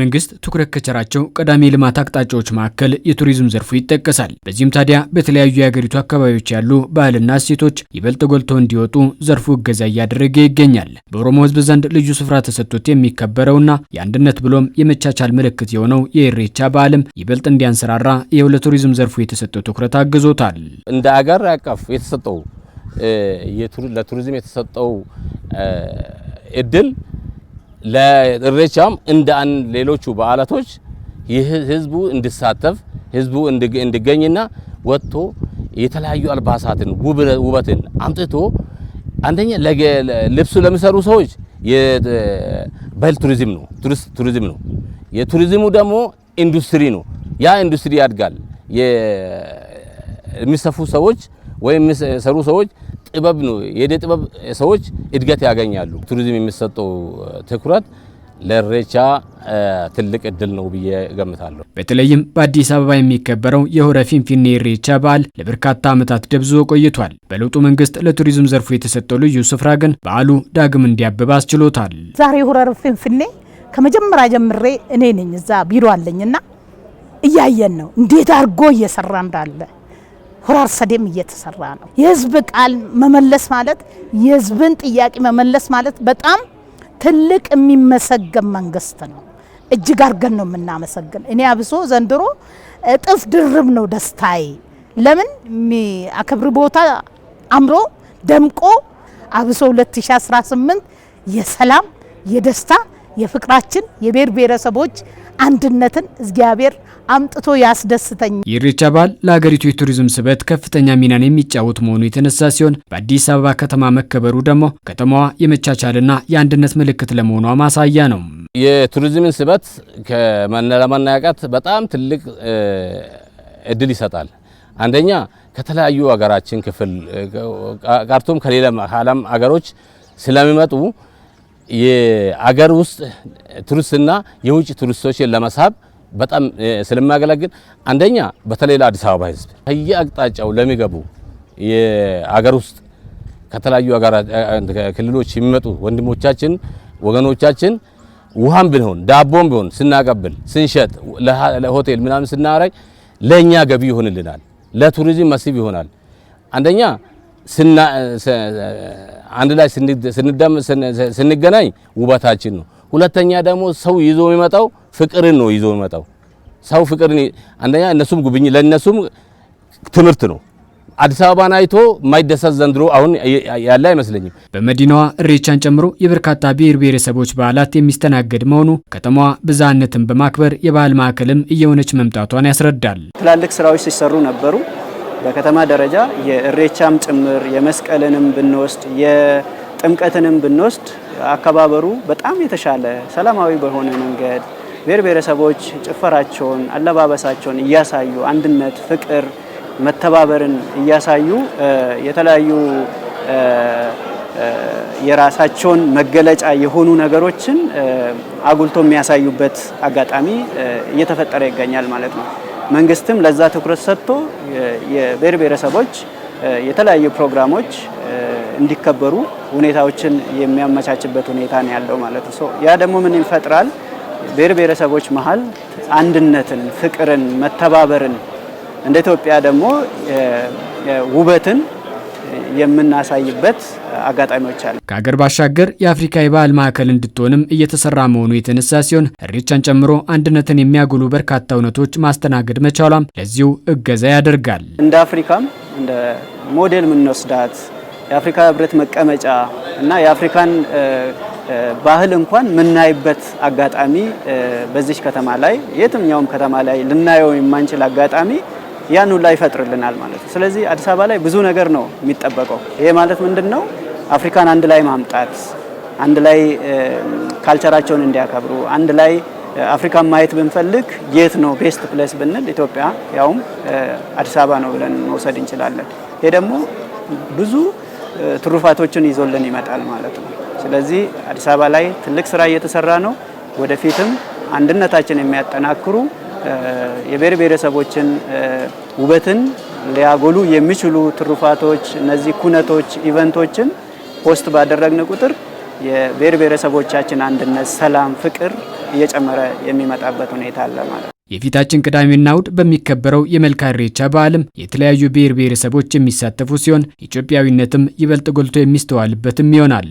መንግስት ትኩረት ከቸራቸው ቀዳሚ የልማት አቅጣጫዎች መካከል የቱሪዝም ዘርፉ ይጠቀሳል። በዚህም ታዲያ በተለያዩ የሀገሪቱ አካባቢዎች ያሉ ባህልና እሴቶች ይበልጥ ጎልተው እንዲወጡ ዘርፉ እገዛ እያደረገ ይገኛል። በኦሮሞ ሕዝብ ዘንድ ልዩ ስፍራ ተሰጥቶት የሚከበረውና የአንድነት ብሎም የመቻቻል ምልክት የሆነው የኢሬቻ በዓልም ይበልጥ እንዲያንሰራራ ይኸው ለቱሪዝም ዘርፉ የተሰጠው ትኩረት አግዞታል። እንደ አገር አቀፍ የተሰጠው ለቱሪዝም የተሰጠው እድል ለኢሬቻም እንደ ሌሎቹ በዓላቶች ህዝቡ እንዲሳተፍ ህዝቡ እንዲገኝና ወጥቶ የተለያዩ አልባሳትን ውበትን አምጥቶ አንደኛ ልብሱ ለሚሰሩ ሰዎች የባህል ቱሪዝም ነው፣ ቱሪዝም ነው። የቱሪዝሙ ደግሞ ኢንዱስትሪ ነው። ያ ኢንዱስትሪ ያድጋል። የሚሰፉ ሰዎች ወይም የሚሰሩ ሰዎች ጥበብ ነው። የእደ ጥበብ ሰዎች እድገት ያገኛሉ። ቱሪዝም የሚሰጠው ትኩረት ለሬቻ ትልቅ እድል ነው ብዬ ገምታለሁ። በተለይም በአዲስ አበባ የሚከበረው የሆረ ፊንፊኔ ሬቻ በዓል ለበርካታ ዓመታት ደብዝዞ ቆይቷል። በለውጡ መንግስት ለቱሪዝም ዘርፉ የተሰጠው ልዩ ስፍራ ግን በዓሉ ዳግም እንዲያብብ አስችሎታል። ዛሬ ሆረ ፊንፊኔ ከመጀመሪያ ጀምሬ እኔ ነኝ እዛ ቢሮ አለኝና እያየን ነው እንዴት አድርጎ እየሰራ እንዳለ ሁራር ሰዴም እየተሰራ ነው። የህዝብ ቃል መመለስ ማለት የህዝብን ጥያቄ መመለስ ማለት በጣም ትልቅ የሚመሰገን መንግስት ነው። እጅግ አድርገን ነው የምናመሰግን። እኔ አብሶ ዘንድሮ እጥፍ ድርብ ነው ደስታዬ። ለምን አከብር ቦታ አምሮ ደምቆ አብሶ 2018 የሰላም የደስታ የፍቅራችን የብሔር ብሔረሰቦች አንድነትን እግዚአብሔር አምጥቶ ያስደስተኝ። የኢሬቻ በዓል ለሀገሪቱ የቱሪዝም ስበት ከፍተኛ ሚናን የሚጫወት መሆኑ የተነሳ ሲሆን በአዲስ አበባ ከተማ መከበሩ ደግሞ ከተማዋ የመቻቻልና የአንድነት ምልክት ለመሆኗ ማሳያ ነው። የቱሪዝምን ስበት ለማነቃቃት በጣም ትልቅ እድል ይሰጣል። አንደኛ ከተለያዩ ሀገራችን ክፍል ቀርቶም ከሌላ ዓለም ሀገሮች ስለሚመጡ የአገር ውስጥ ቱሪስትና የውጭ ቱሪስቶችን ለመሳብ በጣም ስለሚያገለግል አንደኛ በተለይ ለአዲስ አበባ ህዝብ ከየአቅጣጫው ለሚገቡ የአገር ውስጥ ከተለያዩ ክልሎች የሚመጡ ወንድሞቻችን ወገኖቻችን ውሃም ቢሆን ዳቦም ቢሆን ስናቀብል ስንሸጥ ለሆቴል ምናምን ስናረግ ለእኛ ገቢ ይሆንልናል። ለቱሪዝም መስህብ ይሆናል። አንደኛ አንድ ላይ ስንገናኝ ውበታችን ነው። ሁለተኛ ደግሞ ሰው ይዞ የሚመጣው ፍቅርን ነው ይዞ የሚመጣው ሰው ፍቅርን። አንደኛ እነሱም ጉብኝ ለእነሱም ትምህርት ነው። አዲስ አበባን አይቶ የማይደሰት ዘንድሮ አሁን ያለ አይመስለኝም። በመዲናዋ እሬቻን ጨምሮ የበርካታ ብሔር ብሔረሰቦች በዓላት የሚስተናገድ መሆኑ ከተማዋ ብዝሃነትን በማክበር የባህል ማዕከልም እየሆነች መምጣቷን ያስረዳል። ትላልቅ ስራዎች ሲሰሩ ነበሩ። በከተማ ደረጃ የእሬቻም ጭምር የመስቀልንም ብንወስድ የጥምቀትንም ብንወስድ አከባበሩ በጣም የተሻለ ሰላማዊ በሆነ መንገድ ብሔር ብሔረሰቦች ጭፈራቸውን፣ አለባበሳቸውን እያሳዩ አንድነት፣ ፍቅር፣ መተባበርን እያሳዩ የተለያዩ የራሳቸውን መገለጫ የሆኑ ነገሮችን አጉልቶ የሚያሳዩበት አጋጣሚ እየተፈጠረ ይገኛል ማለት ነው። መንግስትም ለዛ ትኩረት ሰጥቶ የብሔር ብሔረሰቦች የተለያዩ ፕሮግራሞች እንዲከበሩ ሁኔታዎችን የሚያመቻችበት ሁኔታ ነው ያለው ማለት ነው። ያ ደግሞ ምን ይፈጥራል? ብሔር ብሔረሰቦች መሀል አንድነትን፣ ፍቅርን፣ መተባበርን እንደ ኢትዮጵያ ደግሞ ውበትን የምናሳይበት አጋጣሚዎች አሉ። ከሀገር ባሻገር የአፍሪካ የባህል ማዕከል እንድትሆንም እየተሰራ መሆኑ የተነሳ ሲሆን እሬቻን ጨምሮ አንድነትን የሚያጎሉ በርካታ እውነቶች ማስተናገድ መቻሏም ለዚሁ እገዛ ያደርጋል። እንደ አፍሪካም እንደ ሞዴል የምንወስዳት የአፍሪካ ህብረት መቀመጫ እና የአፍሪካን ባህል እንኳን የምናይበት አጋጣሚ በዚች ከተማ ላይ የትኛውም ከተማ ላይ ልናየው የማንችል አጋጣሚ ያን ሁላ ይፈጥርልናል ማለት ነው። ስለዚህ አዲስ አበባ ላይ ብዙ ነገር ነው የሚጠበቀው። ይሄ ማለት ምንድን ነው? አፍሪካን አንድ ላይ ማምጣት፣ አንድ ላይ ካልቸራቸውን እንዲያከብሩ፣ አንድ ላይ አፍሪካን ማየት ብንፈልግ የት ነው ቤስት ፕሌስ ብንል ኢትዮጵያ ያውም አዲስ አበባ ነው ብለን መውሰድ እንችላለን። ይሄ ደግሞ ብዙ ትሩፋቶችን ይዞልን ይመጣል ማለት ነው። ስለዚህ አዲስ አበባ ላይ ትልቅ ስራ እየተሰራ ነው። ወደፊትም አንድነታችን የሚያጠናክሩ የብሔር ብሔረሰቦችን ውበትን ሊያጎሉ የሚችሉ ትሩፋቶች፣ እነዚህ ኩነቶች፣ ኢቨንቶችን ፖስት ባደረግን ቁጥር የብሔር ብሔረሰቦቻችን አንድነት፣ ሰላም፣ ፍቅር እየጨመረ የሚመጣበት ሁኔታ አለ ማለት ነው። የፊታችን ቅዳሜና እሁድ በሚከበረው የመልካ ኢሬቻ በዓልም የተለያዩ ብሔር ብሔረሰቦች የሚሳተፉ ሲሆን ኢትዮጵያዊነትም ይበልጥ ጎልቶ የሚስተዋልበትም ይሆናል።